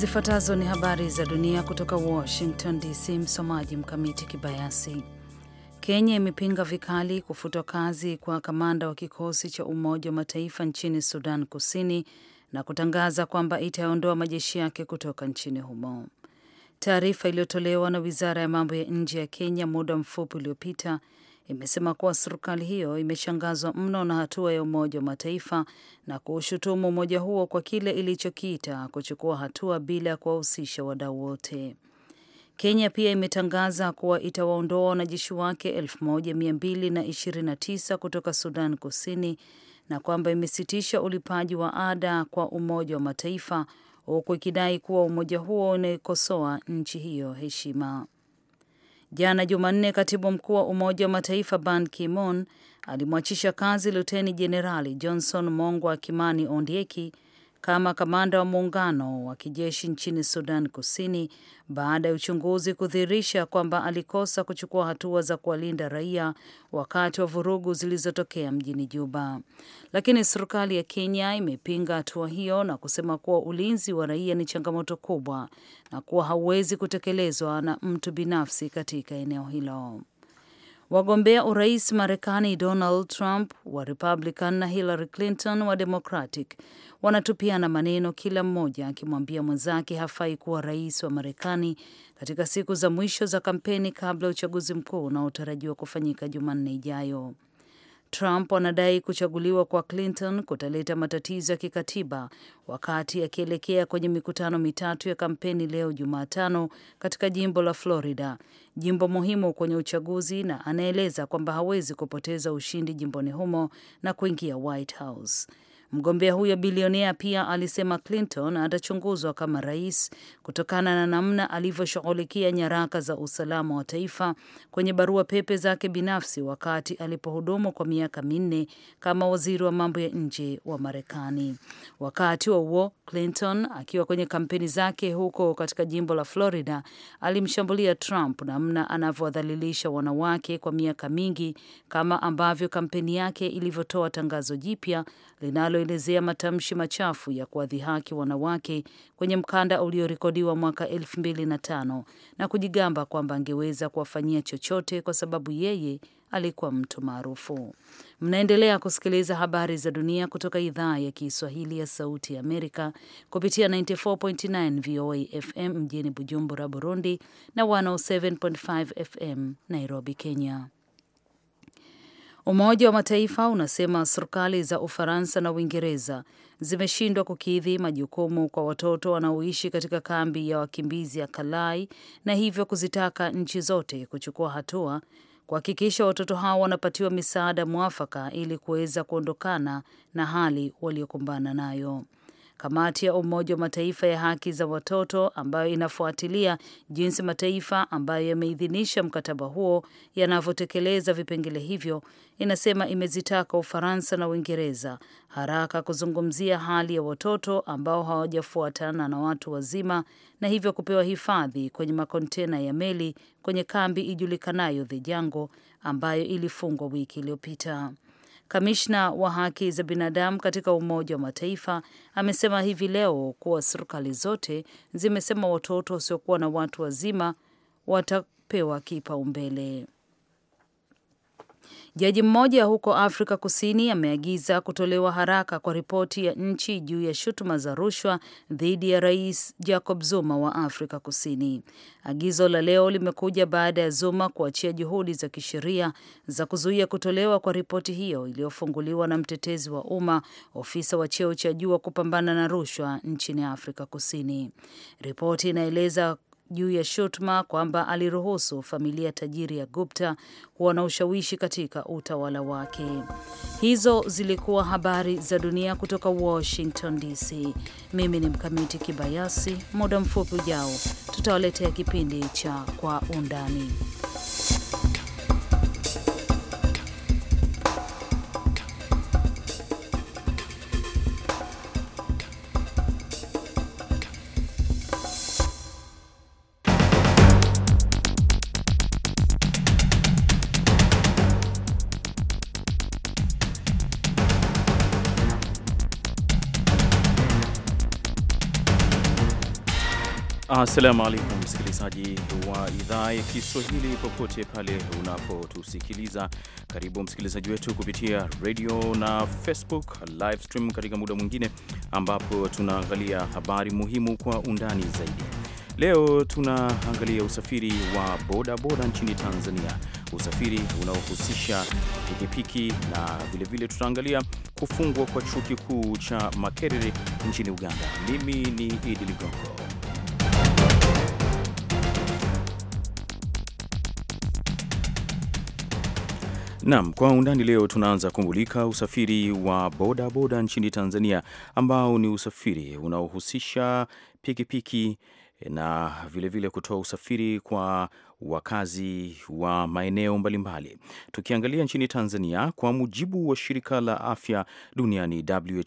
Zifuatazo ni habari za dunia kutoka Washington DC. Msomaji Mkamiti Kibayasi. Kenya imepinga vikali kufutwa kazi kwa kamanda wa kikosi cha Umoja wa Mataifa nchini Sudan Kusini na kutangaza kwamba itayaondoa majeshi yake kutoka nchini humo. Taarifa iliyotolewa na wizara ya mambo ya nje ya Kenya muda mfupi uliopita imesema kuwa serikali hiyo imeshangazwa mno na hatua ya Umoja wa Mataifa na kuushutumu umoja huo kwa kile ilichokiita kuchukua hatua bila ya kuwahusisha wadau wote. Kenya pia imetangaza kuwa itawaondoa wanajeshi wake 1229 kutoka Sudan Kusini na kwamba imesitisha ulipaji wa ada kwa Umoja wa Mataifa huku ikidai kuwa umoja huo unaikosoa nchi hiyo heshima. Jana Jumanne, katibu mkuu wa Umoja wa Mataifa Ban Ki-moon alimwachisha kazi Luteni Jenerali Johnson Mongwa Kimani Ondieki kama kamanda wa muungano wa kijeshi nchini Sudan Kusini baada ya uchunguzi kudhihirisha kwamba alikosa kuchukua hatua za kuwalinda raia wakati wa vurugu zilizotokea mjini Juba. Lakini serikali ya Kenya imepinga hatua hiyo na kusema kuwa ulinzi wa raia ni changamoto kubwa na kuwa hauwezi kutekelezwa na mtu binafsi katika eneo hilo. Wagombea urais Marekani Donald Trump wa Republican na Hillary Clinton wa Democratic wanatupiana maneno, kila mmoja akimwambia mwenzake hafai kuwa rais wa Marekani katika siku za mwisho za kampeni kabla ya uchaguzi mkuu unaotarajiwa kufanyika Jumanne ijayo. Trump anadai kuchaguliwa kwa Clinton kutaleta matatizo ya kikatiba wakati akielekea kwenye mikutano mitatu ya kampeni leo Jumatano katika jimbo la Florida, jimbo muhimu kwenye uchaguzi, na anaeleza kwamba hawezi kupoteza ushindi jimboni humo na kuingia White House. Mgombea huyo bilionea pia alisema Clinton atachunguzwa kama rais kutokana na namna alivyoshughulikia nyaraka za usalama wa taifa kwenye barua pepe zake binafsi wakati alipohudumu kwa miaka minne kama waziri wa mambo ya nje wa Marekani. Wakati wa huo, Clinton akiwa kwenye kampeni zake huko katika jimbo la Florida alimshambulia Trump namna anavyowadhalilisha wanawake kwa miaka mingi, kama ambavyo kampeni yake ilivyotoa tangazo jipya linalo lililoelezea matamshi machafu ya kuwadhihaki wanawake kwenye mkanda uliorekodiwa mwaka 2005 na kujigamba kwamba angeweza kuwafanyia chochote kwa sababu yeye alikuwa mtu maarufu. Mnaendelea kusikiliza habari za dunia kutoka idhaa ya Kiswahili ya Sauti ya Amerika kupitia 94.9 VOA FM mjini Bujumbura, Burundi na 107.5 FM Nairobi, Kenya. Umoja wa Mataifa unasema serikali za Ufaransa na Uingereza zimeshindwa kukidhi majukumu kwa watoto wanaoishi katika kambi ya wakimbizi ya Kalai na hivyo kuzitaka nchi zote kuchukua hatua kuhakikisha watoto hao wanapatiwa misaada mwafaka ili kuweza kuondokana na hali waliokumbana nayo. Kamati ya Umoja wa Mataifa ya haki za watoto ambayo inafuatilia jinsi mataifa ambayo yameidhinisha mkataba huo yanavyotekeleza vipengele hivyo inasema imezitaka Ufaransa na Uingereza haraka kuzungumzia hali ya watoto ambao hawajafuatana na watu wazima na hivyo kupewa hifadhi kwenye makontena ya meli kwenye kambi ijulikanayo The ambayo ilifungwa wiki iliyopita. Kamishna wa haki za binadamu katika Umoja wa Mataifa amesema hivi leo kuwa serikali zote zimesema watoto wasiokuwa na watu wazima watapewa kipaumbele. Jaji mmoja huko Afrika Kusini ameagiza kutolewa haraka kwa ripoti ya nchi juu ya shutuma za rushwa dhidi ya Rais Jacob Zuma wa Afrika Kusini. Agizo la leo limekuja baada ya Zuma kuachia juhudi za kisheria za kuzuia kutolewa kwa ripoti hiyo iliyofunguliwa na mtetezi wa umma, ofisa wa cheo cha juu wa kupambana na rushwa nchini Afrika Kusini. Ripoti inaeleza juu ya shutuma kwamba aliruhusu familia tajiri ya Gupta kuwa na ushawishi katika utawala wake. Hizo zilikuwa habari za dunia kutoka Washington DC. Mimi ni Mkamiti Kibayasi. Muda mfupi ujao tutawaletea kipindi cha Kwa Undani. Assalamu alaikum msikilizaji wa idhaa ya Kiswahili popote pale unapotusikiliza, karibu msikilizaji wetu kupitia radio na Facebook live stream katika muda mwingine ambapo tunaangalia habari muhimu kwa undani zaidi. Leo tunaangalia usafiri wa bodaboda nchini Tanzania, usafiri unaohusisha pikipiki na vilevile tutaangalia kufungwa kwa chuo kikuu cha Makerere nchini Uganda. Mimi ni Idi Ligongo. Naam, kwa undani leo tunaanza kumulika usafiri wa boda boda nchini Tanzania ambao ni usafiri unaohusisha pikipiki na vilevile kutoa usafiri kwa wakazi wa maeneo mbalimbali. Tukiangalia nchini Tanzania, kwa mujibu wa shirika la afya duniani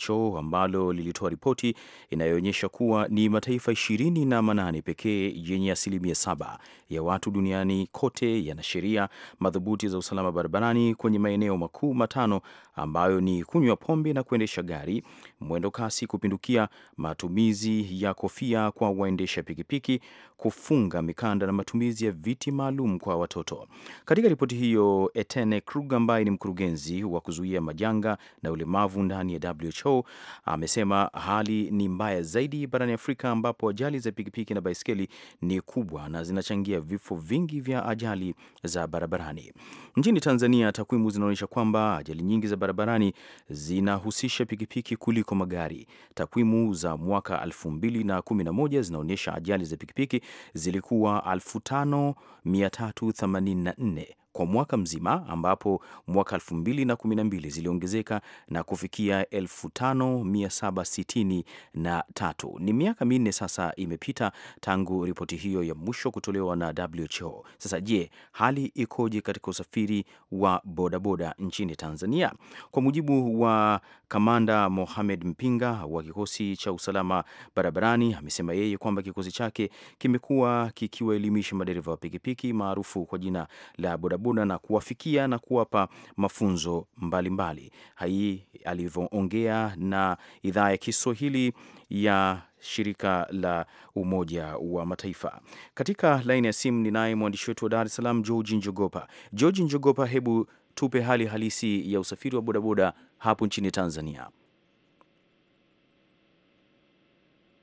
WHO, ambalo lilitoa ripoti inayoonyesha kuwa ni mataifa ishirini na manane pekee yenye asilimia saba ya watu duniani kote yana sheria madhubuti za usalama barabarani kwenye maeneo makuu matano ambayo ni kunywa pombe na kuendesha gari, mwendo kasi kupindukia, matumizi ya kofia kwa waendesha pikipiki, kufunga mikanda na matumizi ya viti kiti maalum kwa watoto. Katika ripoti hiyo, Etene Krug ambaye ni mkurugenzi wa kuzuia majanga na ulemavu ndani ya WHO amesema hali ni mbaya zaidi barani Afrika ambapo ajali za pikipiki na baiskeli ni kubwa na zinachangia vifo vingi vya ajali za barabarani. Nchini Tanzania, takwimu zinaonyesha kwamba ajali nyingi za barabarani zinahusisha pikipiki kuliko magari. Takwimu za mwaka 2011 zinaonyesha ajali za pikipiki zilikuwa elfu tano 384 kwa mwaka mzima, ambapo mwaka 2012 ziliongezeka na kufikia 5763. Ni miaka minne sasa imepita tangu ripoti hiyo ya mwisho kutolewa na WHO. Sasa je, hali ikoje katika usafiri wa bodaboda nchini Tanzania? Kwa mujibu wa kamanda Mohamed Mpinga wa kikosi cha usalama barabarani, amesema yeye kwamba kikosi chake kimekuwa kikiwaelimisha madereva wa pikipiki maarufu kwa jina la bodaboda Buna na kuwafikia na kuwapa mafunzo mbalimbali. Hii alivyoongea na idhaa ya Kiswahili ya shirika la Umoja wa Mataifa. Katika laini ya simu ninaye mwandishi wetu wa Dar es Salaam Georgi Njogopa. Georgi Njogopa, hebu tupe hali halisi ya usafiri wa bodaboda hapo nchini Tanzania.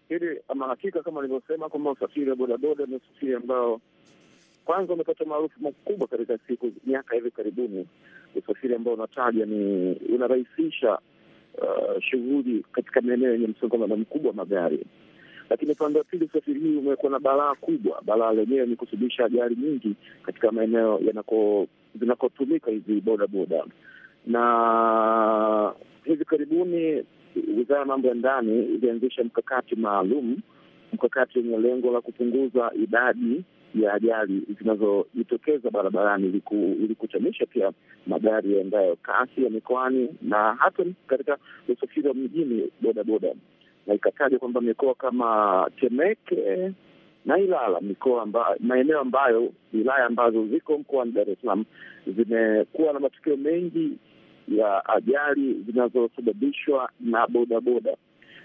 Hili ama hakika, kama alivyosema kwamba usafiri wa bodaboda ni usafiri ambao kwanza umepata maarufu makubwa katika siku miaka hivi karibuni. Usafiri ambao unataja ni unarahisisha uh, shughuli katika maeneo yenye msongamano mkubwa wa magari, lakini upande wa pili usafiri hii umekuwa na balaa kubwa. Balaa lenyewe ni kusubisha ajali nyingi katika maeneo zinakotumika hizi bodaboda, na hivi karibuni wizara ya mambo ya ndani ilianzisha mkakati maalum, mkakati wenye lengo la kupunguza idadi ya ajali zinazojitokeza barabarani ili kuchamisha pia magari yaendayo kasi ya mikoani na hata katika usafiri wa mjini bodaboda, na ikataja kwamba mikoa kama Temeke na Ilala, mikoa amba, maeneo ambayo wilaya ambazo ziko mkoani Dar es Salaam zimekuwa na matukio mengi ya ajali zinazosababishwa na bodaboda.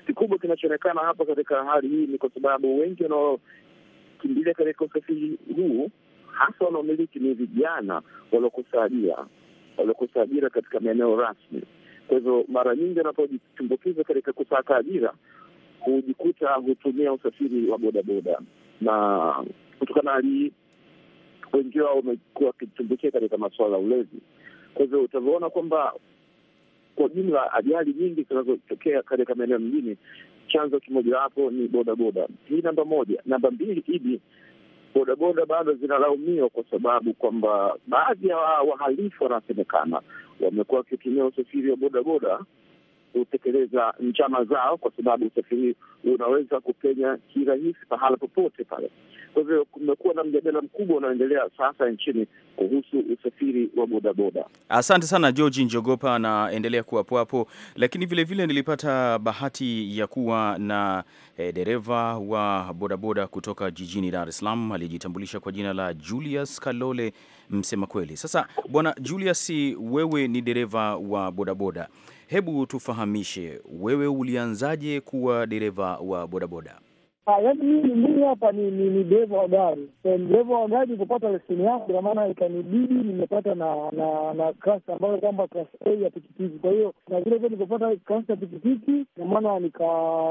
Kikubwa kinachoonekana hapa katika hali hii ni kwa sababu wengi wanao kimbilia katika usafiri huu hasa wanaomiliki ni vijana waliokosa ajira, waliokosa ajira katika maeneo rasmi. Kwa hivyo mara nyingi wanapojitumbukiza katika kusaka ajira hujikuta hutumia usafiri wa bodaboda, na kutokana na hali wengi wao wamekuwa wakitumbukia katika masuala ya ulezi. Kwa hivyo utavyoona kwamba kwa jumla ajali nyingi zinazotokea katika maeneo mjini chanzo kimojawapo ni bodaboda. Hii namba moja. Namba mbili, Idi, bodaboda bado zinalaumiwa kwa sababu kwamba baadhi ya wahalifu wanasemekana wamekuwa wakitumia usafiri wa bodaboda kutekeleza njama zao, kwa sababu usafiri unaweza kupenya kirahisi pahala popote pale. Kwa hivyo kumekuwa na mjadala mkubwa unaoendelea sasa nchini kuhusu usafiri wa bodaboda. Asante sana George Njogopa, naendelea kuwapo hapo, lakini vilevile vile nilipata bahati ya kuwa na eh, dereva wa bodaboda kutoka jijini Dar es Salaam. aliyejitambulisha kwa jina la Julius Kalole msema kweli. Sasa bwana Julius, wewe ni dereva wa bodaboda, hebu tufahamishe wewe ulianzaje kuwa dereva wa bodaboda? Ah, yani mimi mimi hapa ni ni dereva wa gari, dereva wa gari kupata leseni yangu, kwa maana ikanibidi nimepata na na na klasi ambayo kwamba klasi A ya pikipiki. Kwa hiyo na vile vile nikupata klasi ya pikipiki, na maana nika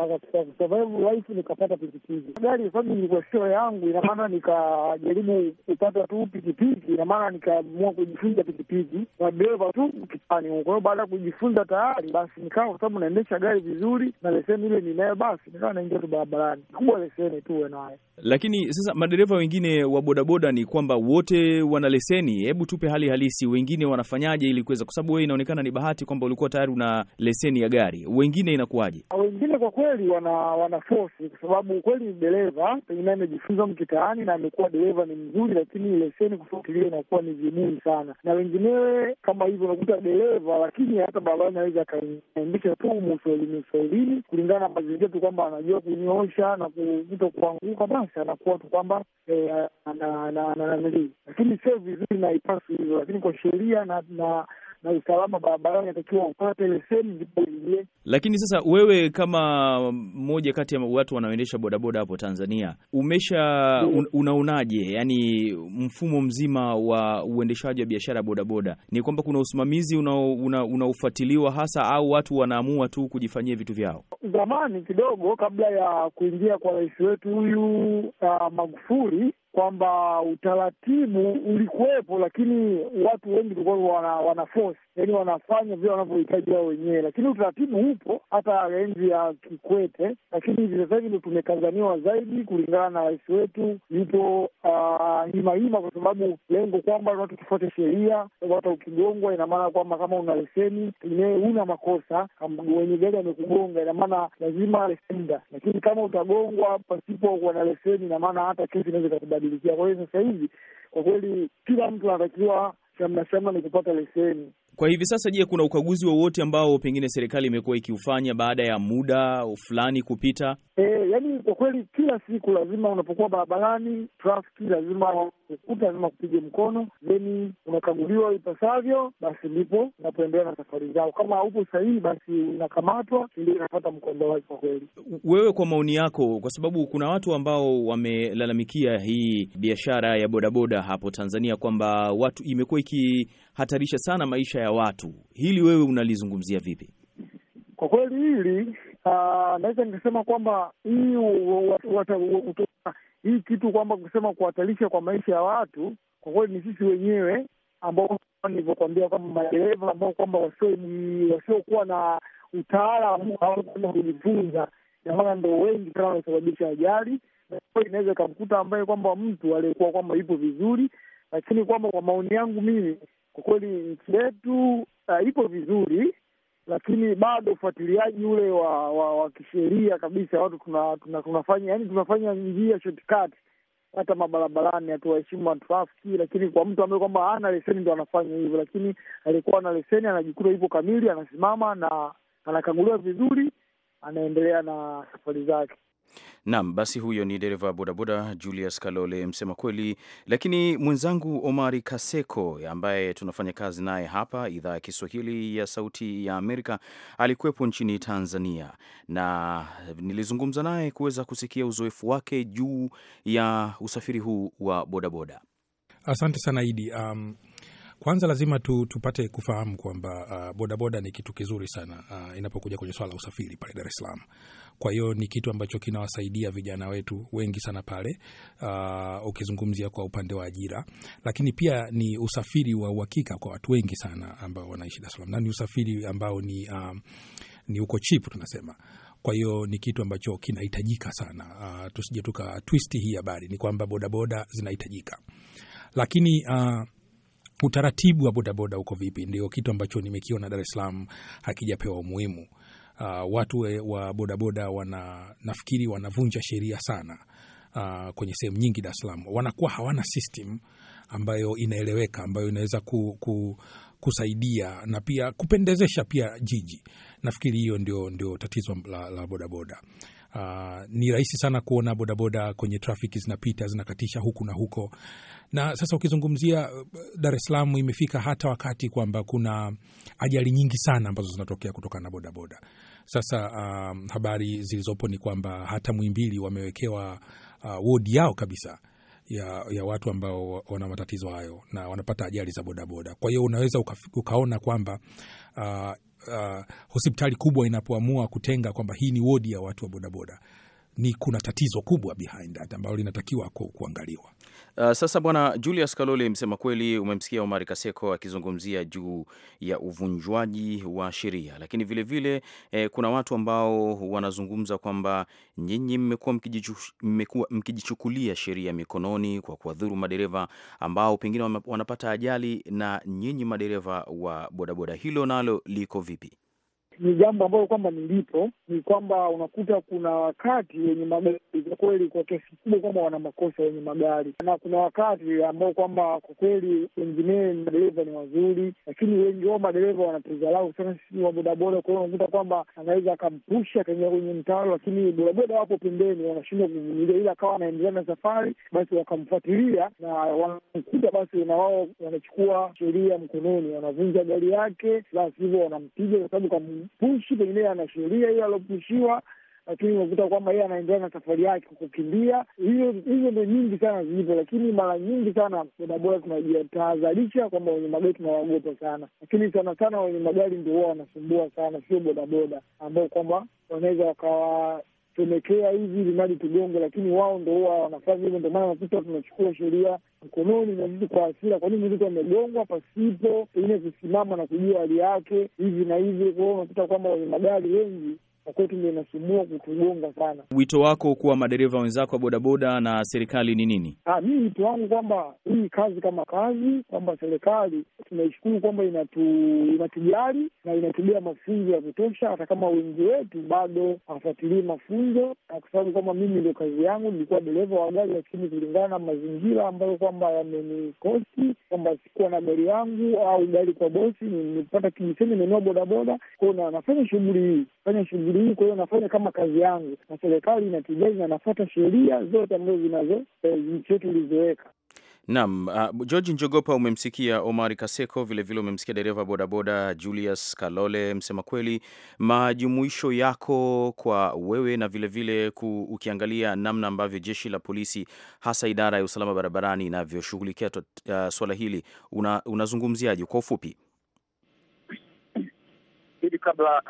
katika survive life nikapata pikipiki gari, kwa sababu ilikuwa sio yangu. Ina maana nikajaribu kupata tu pikipiki, ina maana nikaamua kujifunza pikipiki na dereva tu kipani. Kwa hiyo baada ya kujifunza tayari, basi nikawa, kwa sababu naendesha gari vizuri na leseni ile ninayo, basi nikawa naingia tu barabarani kubwa leseni tu uwe nayo. Lakini sasa madereva wengine wa bodaboda ni kwamba wote wana leseni. Hebu tupe hali halisi, wengine wanafanyaje ili kuweza, kwa sababu wewe inaonekana ni bahati kwamba ulikuwa tayari una leseni ya gari, wengine inakuwaje? Ah, wengine kwa kweli wana wana force, kwa sababu kweli dereva pengine amejifunza mkitaani na amekuwa dereva ni mzuri, lakini leseni kufuatilia inakuwa ni vigumu sana, na wenginewe kama hivyo unakuta dereva, lakini hata barabarani anaweza akaendesha tu musolini solini, kulingana na mazingira tu kwamba anajua kunyosha na wito kuanguka basi anakuwa tu kwamba eh, nanilii, lakini sio vizuri, ipasi hizo lakini kwa sheria na na usalama barabarani atakiwa upate leseni ndipo uingie. Lakini sasa wewe kama mmoja kati ya watu wanaoendesha bodaboda hapo Tanzania umesha un, unaonaje, yani mfumo mzima wa uendeshaji wa biashara ya bodaboda ni kwamba kuna usimamizi unaofuatiliwa una hasa, au watu wanaamua tu kujifanyia vitu vyao? Zamani kidogo kabla ya kuingia kwa rais wetu huyu uh, Magufuli kwamba utaratibu ulikuwepo, lakini watu wengi walikuwa wana, wana force, yani wanafanya vile wanavyohitaji wao wenyewe, lakini utaratibu upo hata enzi ya Kikwete, lakini hivi sasa hivi ndo tumekazaniwa zaidi kulingana na rais wetu yupo himahima, kwa sababu lengo kwamba watu tufuate sheria. Hata ukigongwa, ina maana kwamba kama una leseni enyewe una makosa, wenye gari amekugonga, ina maana lazima lesenda, lakini kama utagongwa pasipo kuwa na leseni, ina maana hata kesi inaweza tunakabilikia. Kwa hiyo sasa hivi kwa kweli kila mtu anatakiwa shamnashamna ni kupata leseni kwa hivi sasa, je, kuna ukaguzi wowote ambao pengine serikali imekuwa ikiufanya baada ya muda fulani kupita? E, eh, yani kwa kweli kila siku lazima unapokuwa barabarani trafiki lazima ukuta lazima kupige mkono then unakaguliwa ipasavyo, basi ndipo unapoendelea na safari zao. Kama upo sahihi, basi unakamatwa ndio inapata mkondo wake. Kwa kweli, wewe, kwa maoni yako, kwa sababu kuna watu ambao wamelalamikia hii biashara ya bodaboda hapo Tanzania kwamba watu imekuwa iki hatarisha sana maisha ya watu. Hili wewe unalizungumzia vipi? Kwa kweli hili ah, naweza nikasema kwamba hii hii kitu kwamba kusema kuhatarisha kwa maisha ya watu, kwa kweli ni sisi wenyewe ambao nilivyokuambia kwamba madereva ambao kwamba wasiokuwa na utaalamu au kujifunza, na maana ndo wengi sana wanasababisha ajali. Inaweza ikamkuta ambaye kwamba mtu aliyekuwa kwamba ipo vizuri, lakini kwamba kwa maoni yangu mimi kwa kweli nchi yetu uh, ipo vizuri, lakini bado ufuatiliaji ule wa wa, wa kisheria kabisa, watu tunafanya tuna, tunafanya yani tunafanya njia shortcut hata mabarabarani hatuwaheshimu matrafiki, lakini kwa mtu ambaye kwamba ana leseni ndo anafanya hivyo, lakini alikuwa na leseni anajikuta ipo kamili, anasimama na anakaguliwa vizuri, anaendelea na safari zake. Nam, basi huyo ni dereva bodaboda Julius Kalole, msema kweli. Lakini mwenzangu Omari Kaseko ambaye tunafanya kazi naye hapa idhaa ya Kiswahili ya Sauti ya Amerika alikuwepo nchini Tanzania na nilizungumza naye kuweza kusikia uzoefu wake juu ya usafiri huu wa bodaboda. Asante sana Idi. Um, kwanza lazima tu, tupate kufahamu kwamba uh, bodaboda ni kitu kizuri sana uh, inapokuja kwenye swala la usafiri pale Dar es Salaam. Kwa hiyo ni kitu ambacho kinawasaidia vijana wetu wengi sana pale, uh, ukizungumzia kwa upande wa ajira, lakini pia ni usafiri wa uhakika kwa watu wengi sana ambao wanaishi Dar es Salaam na ni usafiri ambao ni, uh, ni uko chip tunasema kwa hiyo ni kitu ambacho kinahitajika sana. Uh, tusije tuka twist hii habari, ni kwamba bodaboda zinahitajika, lakini uh, utaratibu wa bodaboda huko vipi, ndio kitu ambacho nimekiona Dar es Salaam hakijapewa umuhimu. Uh, watu wa bodaboda wana, nafikiri wanavunja sheria sana uh, kwenye sehemu nyingi Dar es Salaam wanakuwa hawana system ambayo inaeleweka ambayo inaweza ku, ku, kusaidia na pia kupendezesha pia jiji. Nafikiri hiyo ndio, ndio tatizo la, la bodaboda. Uh, ni rahisi sana kuona bodaboda kwenye trafiki zinapita zinakatisha huku na huko, na sasa ukizungumzia uh, Dar es Salaam imefika hata wakati kwamba kuna ajali nyingi sana ambazo zinatokea kutokana na bodaboda. Sasa uh, habari zilizopo ni kwamba hata mwimbili wamewekewa uh, wodi yao kabisa ya, ya watu ambao wana matatizo hayo na wanapata ajali za bodaboda. Kwa hiyo unaweza uka, ukaona kwamba uh, uh, hospitali kubwa inapoamua kutenga kwamba hii ni wodi ya watu wa bodaboda, ni kuna tatizo kubwa behind that ambalo linatakiwa ku, kuangaliwa. Uh, sasa bwana Julius Kalole, msema kweli, umemsikia Omar Kaseko akizungumzia juu ya uvunjwaji wa sheria, lakini vilevile vile, eh, kuna watu ambao wanazungumza kwamba nyinyi mmekuwa mkijichukulia sheria mikononi kwa kuwadhuru madereva ambao pengine wanapata ajali na nyinyi madereva wa bodaboda, hilo nalo liko vipi? ni jambo ambalo kwamba nilipo ni kwamba unakuta kuna wakati wenye magari kwa kweli, kwa kiasi kubwa kwamba wana makosa wenye magari, na kuna wakati ambao kwamba kwa kweli wenginee madereva ni wazuri, lakini wengi wao madereva wanatuzalau sana sisi wa bodaboda. Kwa hiyo unakuta kwamba anaweza akampusha kaingia kwenye mtaro, lakini bodaboda wapo pembeni, wanashindwa kuvumilia, ila akawa anaendelea na safari, basi wakamfuatilia na wanamkuta, basi na wao wanachukua sheria mkononi, wanavunja gari yake, la sivyo wanampiga kwa sababu pushi pengine ana sheria hiyo aliopushiwa, lakini unakuta kwamba yeye anaendelea na safari yake kukimbia. hizo ndo nyingi sana zilipo, lakini mara nyingi sana bodaboda tunajitahadharisha kwamba wenye magari tunawaogopa sana, lakini sana sana wenye magari ndio huwa wanasumbua sana, sio bodaboda ambao kwamba wanaweza wakawa kusemekea hivi mali tugonge lakini wao ndo huwa wanafanya hivyo. Ndo maana sisi tunachukua sheria mkononi na sisi kwa hasira, kwa nini amegongwa pasipo pengine kusimama na kujua hali yake hivi na hivi. Kwa hiyo unakuta kwamba wenye magari wengi kwa kwetu ndio inasumbua kutugonga sana. Wito wako kuwa madereva wenzako wa bodaboda na serikali ni nini? Ah, Mi wito wangu kwamba hii kazi kama kazi, kwamba serikali tunaishukuru kwamba inatu inatujali na inatubia mafunzo ya kutosha, hata kama wengi wetu bado hawafuatilii mafunzo, na kwa sababu kwamba mimi ndio kazi yangu, nilikuwa dereva wa gari, lakini kulingana na mazingira ambayo kwamba yamenikosi kwamba sikuwa na gari yangu au gari kwa bosi, nimepata kijisemi nenua bodaboda kwao, na nafanya shughuli hii, fanya shughuli shughuli hii, kwa hiyo nafanya kama kazi yangu, na serikali inatujali na nafuata sheria zote ambazo zinazo e, nchi yetu ilizoweka. Naam, uh, George Njogopa, umemsikia Omar Kaseko, vilevile umemsikia dereva bodaboda Julius Kalole. Msema kweli, majumuisho yako kwa wewe na vilevile vile ukiangalia namna ambavyo jeshi la polisi hasa idara ya usalama barabarani inavyoshughulikia uh, swala hili unazungumziaje? Una kwa ufupi kabla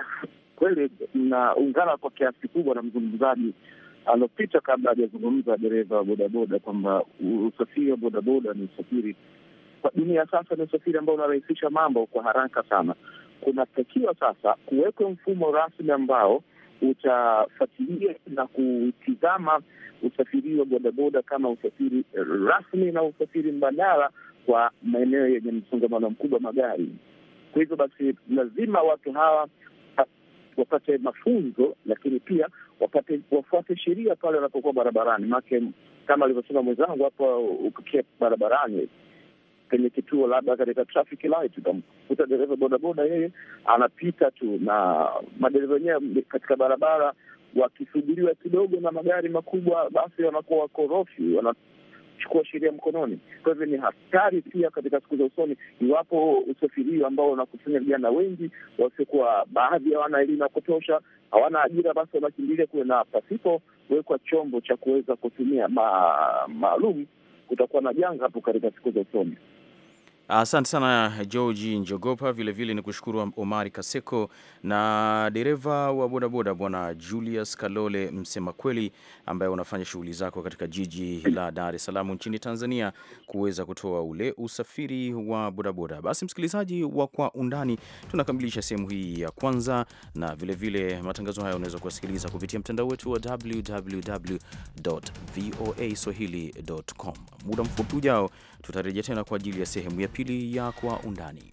kweli naungana kwa kiasi kikubwa na mzungumzaji alopita kabla hajazungumza, dereva wa bodaboda kwamba usafiri wa bodaboda ni usafiri kwa dunia sasa, ni usafiri ambao unarahisisha mambo kwa haraka sana. Kunatakiwa sasa kuwekwa mfumo rasmi ambao utafuatilia na kutizama usafiri wa bodaboda kama usafiri rasmi na usafiri mbadala kwa maeneo yenye msongamano mkubwa magari. Kwa hivyo basi, lazima watu hawa wapate mafunzo, lakini pia wapate wafuate sheria pale wanapokuwa barabarani, maanake kama alivyosema mwenzangu hapa, ukikia barabarani kwenye kituo labda katika traffic light utamkuta dereva bodaboda, yeye anapita tu, na madereva wenyewe katika barabara wakisubiriwa kidogo na magari makubwa, basi wanakuwa wakorofi, wana kuchukua sheria mkononi. Kwa hivyo ni hatari pia katika siku za usoni, iwapo usafiri ambao unakusanya vijana wengi wasiokuwa, baadhi hawana elimu ya kutosha, hawana ajira, basi wanakimbilia kuwe na pasipo kuwekwa chombo cha kuweza kutumia maalum, kutakuwa na janga hapo katika siku za usoni. Asante sana George Njogopa, vilevile ni kushukuru Omari Kaseko na dereva wa bodaboda Bwana Julius Kalole msema kweli, ambaye unafanya shughuli zako katika jiji la Dar es Salaam nchini Tanzania, kuweza kutoa ule usafiri wa bodaboda. Basi msikilizaji wa Kwa Undani, tunakamilisha sehemu hii ya kwanza, na vilevile vile matangazo haya unaweza kuwasikiliza kupitia mtandao wetu wa www voa swahili.com. Muda mfupi ujao Tutarejea tena kwa ajili ya sehemu ya pili ya Kwa Undani.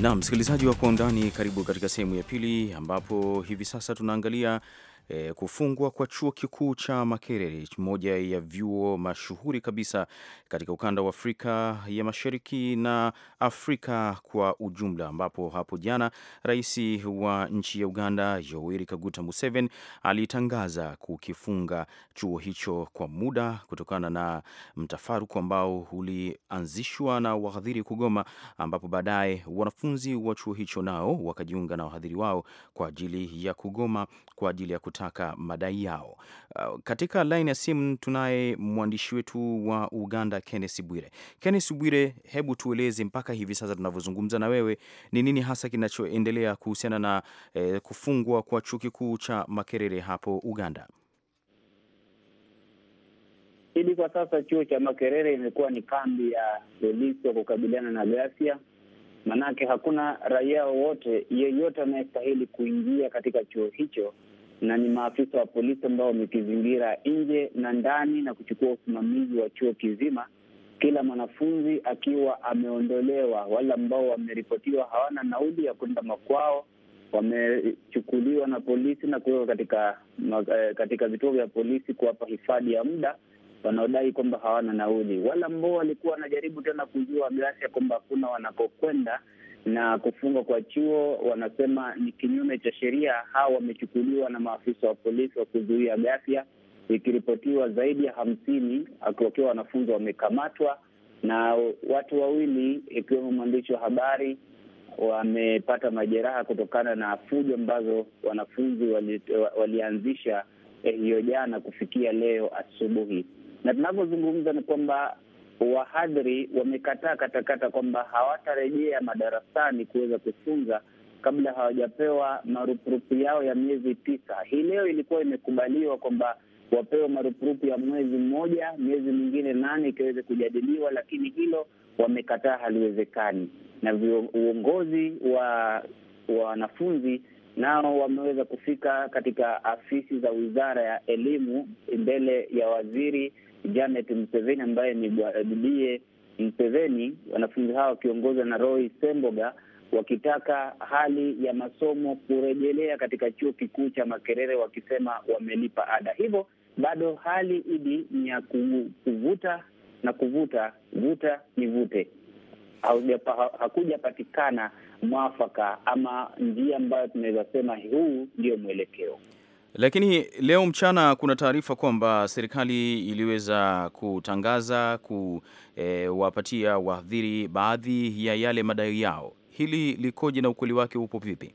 Na msikilizaji wa Kwa Undani, karibu katika sehemu ya pili ambapo hivi sasa tunaangalia e, kufungwa kwa chuo kikuu cha Makerere, moja ya vyuo mashuhuri kabisa katika ukanda wa Afrika ya Mashariki na Afrika kwa ujumla, ambapo hapo jana rais wa nchi ya Uganda Yoweri Kaguta Museveni alitangaza kukifunga chuo hicho kwa muda kutokana na mtafaruku ambao ulianzishwa na wahadhiri kugoma, ambapo baadaye wanafunzi wa chuo hicho nao wakajiunga na wahadhiri wao kwa ajili ya kugoma kwa ajili ya wanaotaka madai yao. Uh, katika laini ya simu tunaye mwandishi wetu wa Uganda Kennes Bwire. Kennes Bwire, hebu tueleze mpaka hivi sasa tunavyozungumza na wewe, ni nini hasa kinachoendelea kuhusiana na eh, kufungwa kwa chuo kikuu cha Makerere hapo Uganda? hili kwa sasa chuo cha Makerere imekuwa ni kambi ya polisi wa kukabiliana na ghasia, manake hakuna raia wowote yeyote anayestahili kuingia katika chuo hicho na ni maafisa wa polisi ambao wamekizingira nje na ndani na kuchukua usimamizi wa chuo kizima, kila mwanafunzi akiwa ameondolewa. Wale ambao wameripotiwa hawana nauli ya kwenda makwao wamechukuliwa na polisi na kuwekwa katika eh, katika vituo vya polisi kuwapa hifadhi ya muda wanaodai kwamba hawana nauli. Wale ambao walikuwa wanajaribu tena kujua ghasia kwamba hakuna wanakokwenda, na kufungwa kwa chuo wanasema ni kinyume cha sheria. Hawa wamechukuliwa na maafisa wa polisi wa kuzuia ghasia, ikiripotiwa zaidi ya hamsini wakiwa wanafunzi wamekamatwa, na watu wawili ikiwemo mwandishi wa habari wamepata majeraha kutokana na fujo ambazo wanafunzi wali, walianzisha eh, hiyo eh, jana kufikia leo asubuhi. Na tunavyozungumza ni kwamba wahadhiri wamekataa katakata kwamba hawatarejea madarasani kuweza kufunza kabla hawajapewa marupurupu yao ya miezi tisa. Hii leo ilikuwa imekubaliwa kwamba wapewe marupurupu ya mwezi mmoja, miezi mingine nane ikiweze kujadiliwa, lakini hilo wamekataa, haliwezekani. Na uongozi wa wanafunzi nao wameweza kufika katika afisi za wizara ya elimu mbele ya waziri Janet Mseveni ambaye ni eh, bibie Mseveni, wanafunzi hao wakiongozwa na Roy Semboga wakitaka hali ya masomo kurejelea katika chuo kikuu cha Makerere, wakisema wamelipa ada. Hivyo bado hali hili ni ya kuvuta na kuvuta, vuta ni vute. Hakujapatikana mwafaka ama njia ambayo tunaweza sema huu ndio mwelekeo. Lakini leo mchana kuna taarifa kwamba serikali iliweza kutangaza kuwapatia eh, e, wahadhiri baadhi ya yale madai yao. Hili likoje na ukweli wake upo vipi?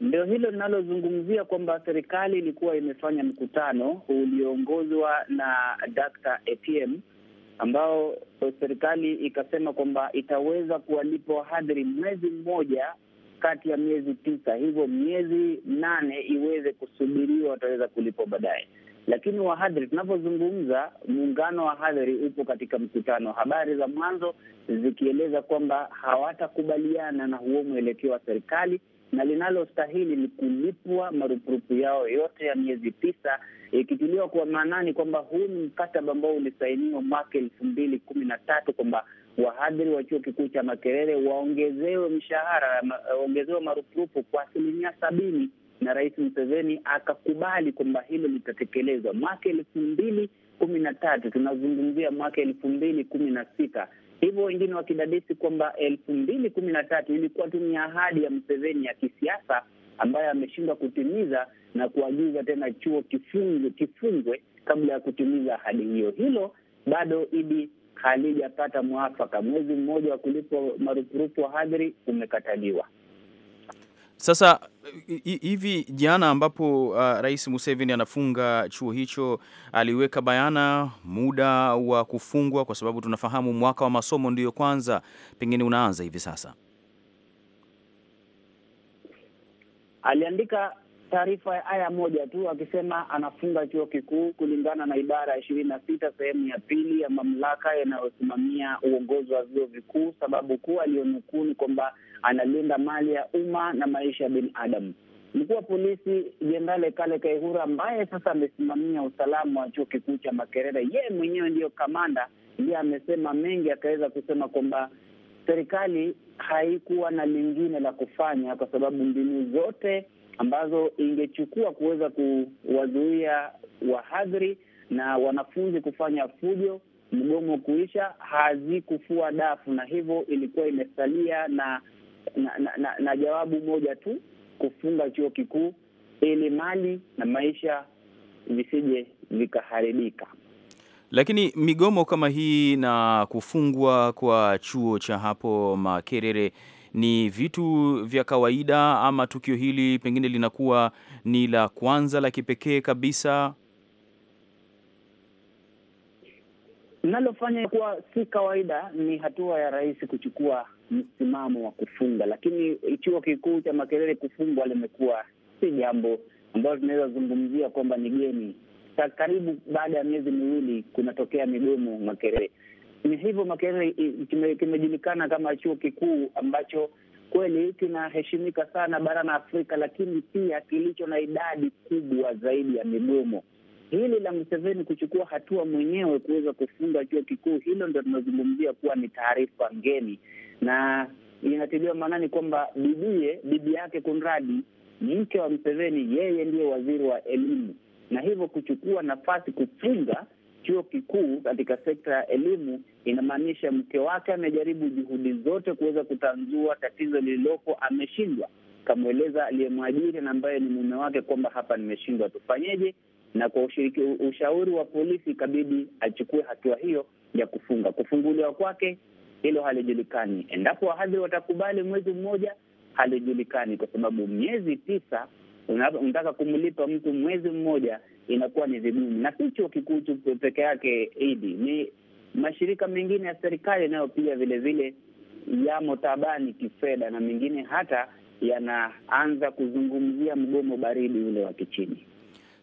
Ndio hilo linalozungumzia kwamba serikali ilikuwa imefanya mkutano ulioongozwa na Dr. APM ambao serikali ikasema kwamba itaweza kuwalipa wahadhiri mwezi mmoja kati ya miezi tisa, hivyo miezi nane iweze kusubiriwa, wataweza kulipwa baadaye. Lakini wahadhiri, tunavyozungumza, muungano wa hadhiri upo katika mkutano. Habari za mwanzo zikieleza kwamba hawatakubaliana na huo mwelekeo wa serikali na linalostahili ni kulipwa marupurupu yao yote ya miezi tisa, ikituliwa kwa maanani kwamba huu ni mkataba ambao ulisainiwa mwaka elfu mbili kumi na tatu kwamba wahadhiri wa chuo kikuu cha Makerere waongezewe mshahara, waongezewe marupurupu kwa asilimia sabini na Rais Museveni akakubali kwamba hilo litatekelezwa mwaka elfu mbili kumi na tatu. Tunazungumzia mwaka elfu mbili kumi na sita hivyo wengine wakidadisi kwamba elfu mbili kumi na tatu ilikuwa tu ni ahadi ya Mseveni ya kisiasa ambayo ameshindwa kutimiza na kuagiza tena chuo kifungwe, kifungwe kabla ya kutimiza ahadi hiyo. Hilo bado idi halijapata mwafaka. Mwezi mmoja wa kulipwa marupurupu hadhiri umekataliwa. Sasa hivi jana ambapo uh, Rais Museveni anafunga chuo hicho aliweka bayana muda wa kufungwa, kwa sababu tunafahamu mwaka wa masomo ndiyo kwanza pengine unaanza hivi sasa. Aliandika taarifa ya aya moja tu akisema anafunga chuo kikuu kulingana na ibara ya ishirini na sita sehemu ya pili ya mamlaka yanayosimamia uongozi wa vyuo vikuu. Sababu kuu aliyonukuu ni kwamba analinda mali ya umma na maisha ya binadamu. Mkuu wa polisi Jenerali Kale Kaihura, ambaye sasa amesimamia usalama wa chuo kikuu cha Makerere, yeye mwenyewe ndiyo kamanda, ndiye amesema mengi, akaweza kusema kwamba serikali haikuwa na lingine la kufanya kwa sababu mbinu zote ambazo ingechukua kuweza kuwazuia wahadhiri na wanafunzi kufanya fujo, mgomo kuisha, hazikufua dafu, na hivyo ilikuwa imesalia na na, na, na, na jawabu moja tu, kufunga chuo kikuu ili mali na maisha visije vikaharibika. Lakini migomo kama hii na kufungwa kwa chuo cha hapo Makerere ni vitu vya kawaida, ama tukio hili pengine linakuwa ni la kwanza la kipekee kabisa linalofanya kuwa si kawaida? Ni hatua ya rais kuchukua msimamo wa kufunga, lakini chuo kikuu cha Makerere kufungwa limekuwa si jambo ambayo tunaweza zungumzia kwamba ni geni. Karibu baada ya miezi miwili kunatokea migomo Makerere. Ni hivyo, Makerere kimejulikana kama chuo kikuu ambacho kweli kinaheshimika sana barani Afrika, lakini pia kilicho na idadi kubwa zaidi ya migomo hili la Museveni kuchukua hatua mwenyewe kuweza kufunga chuo kikuu, hilo ndo tunazungumzia kuwa ni taarifa ngeni, na inatiliwa maanani kwamba bibie, bibi yake kunradi, mke wa Museveni, yeye ndiyo waziri wa elimu, na hivyo kuchukua nafasi kufunga chuo kikuu katika sekta ya elimu inamaanisha mke wake amejaribu juhudi zote kuweza kutanzua tatizo lililopo, ameshindwa. Kamweleza aliyemwajiri na ambaye ni mume wake kwamba hapa nimeshindwa, tufanyeje? na kwa ushiriki, ushauri wa polisi ikabidi achukue hatua hiyo ya kufunga. Kufunguliwa kwake hilo halijulikani, endapo wahadhiri watakubali mwezi mmoja halijulikani, kwa sababu miezi tisa unataka kumlipa mtu mwezi mmoja inakuwa ni vigumu, na si chuo kikuu peke yake, idi ni mashirika mengine ya serikali nayo pia vilevile yamo tabani kifedha, na mengine hata yanaanza kuzungumzia mgomo baridi ule wa kichini.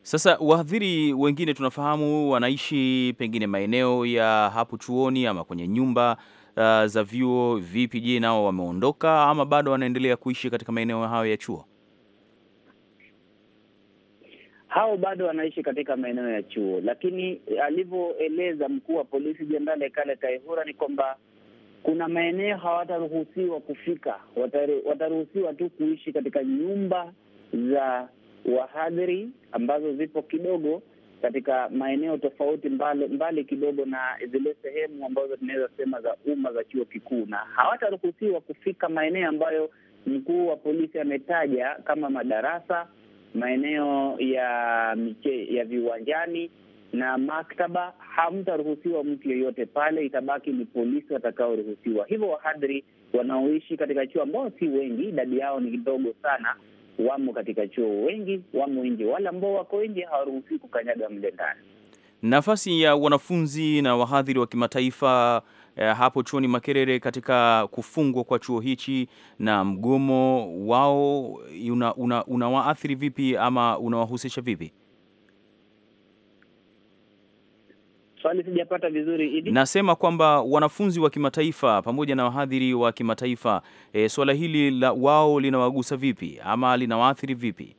Sasa wahadhiri wengine tunafahamu wanaishi pengine maeneo ya hapo chuoni ama kwenye nyumba uh, za vyuo. Vipi, je, nao wameondoka ama bado wanaendelea kuishi katika maeneo hayo ya chuo? Hao bado wanaishi katika maeneo ya chuo, lakini alivyoeleza mkuu wa polisi Jenerali Kale Kaihura ni kwamba kuna maeneo hawataruhusiwa kufika, wataruhusiwa tu kuishi katika nyumba za wahadhiri ambazo zipo kidogo katika maeneo tofauti mbali, mbali kidogo na zile sehemu ambazo tunaweza sema za umma za chuo kikuu, na hawataruhusiwa kufika maeneo ambayo mkuu wa polisi ametaja kama madarasa, maeneo ya miche, ya viwanjani na maktaba. Hamtaruhusiwa mtu yeyote pale, itabaki ni polisi watakaoruhusiwa. Hivyo wahadhiri wanaoishi katika chuo ambao si wengi, idadi yao ni kidogo sana, wamo katika chuo wengi, wamo nje. Wale ambao wako nje hawaruhusiwi kukanyaga mle ndani. Nafasi ya wanafunzi na wahadhiri wa kimataifa eh, hapo chuoni Makerere katika kufungwa kwa chuo hichi na mgomo wao una, una, unawaathiri vipi ama unawahusisha vipi? Swali sijapata vizuri hili. Nasema kwamba wanafunzi wa kimataifa pamoja na wahadhiri wa kimataifa e, swala hili la wao linawagusa vipi ama linawaathiri vipi?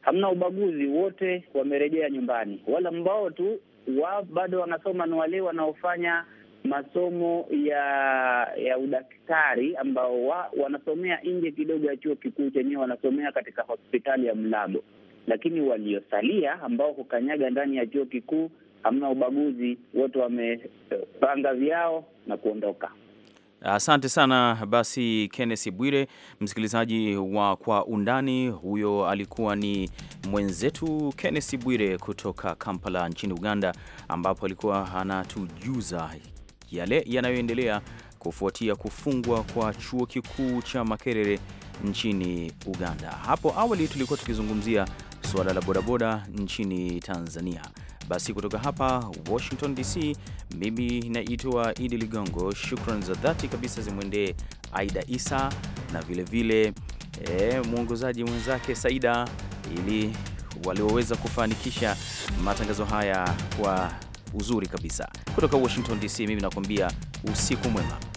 Hamna ubaguzi, wote wamerejea nyumbani. Wale ambao tu wa, bado wanasoma ni wale wanaofanya masomo ya ya udaktari ambao wa, wanasomea nje kidogo ya chuo kikuu chenyewe, wanasomea katika hospitali ya Mlago lakini waliosalia ambao hukanyaga ndani ya chuo kikuu hamna ubaguzi, wote wamepanga vyao na kuondoka. Asante sana basi, kennesi Bwire, msikilizaji wa Kwa Undani. Huyo alikuwa ni mwenzetu Kenneth Bwire kutoka Kampala nchini Uganda, ambapo alikuwa anatujuza yale yanayoendelea kufuatia kufungwa kwa chuo kikuu cha Makerere nchini Uganda. Hapo awali tulikuwa tukizungumzia suala la bodaboda nchini Tanzania. Basi kutoka hapa Washington DC, mimi naitwa Idi Ligongo. shukran za dhati kabisa zimwendee Aida Isa na vilevile e, eh, mwongozaji mwenzake Saida ili walioweza kufanikisha matangazo haya kwa uzuri kabisa. Kutoka Washington DC, mimi nakuambia usiku mwema.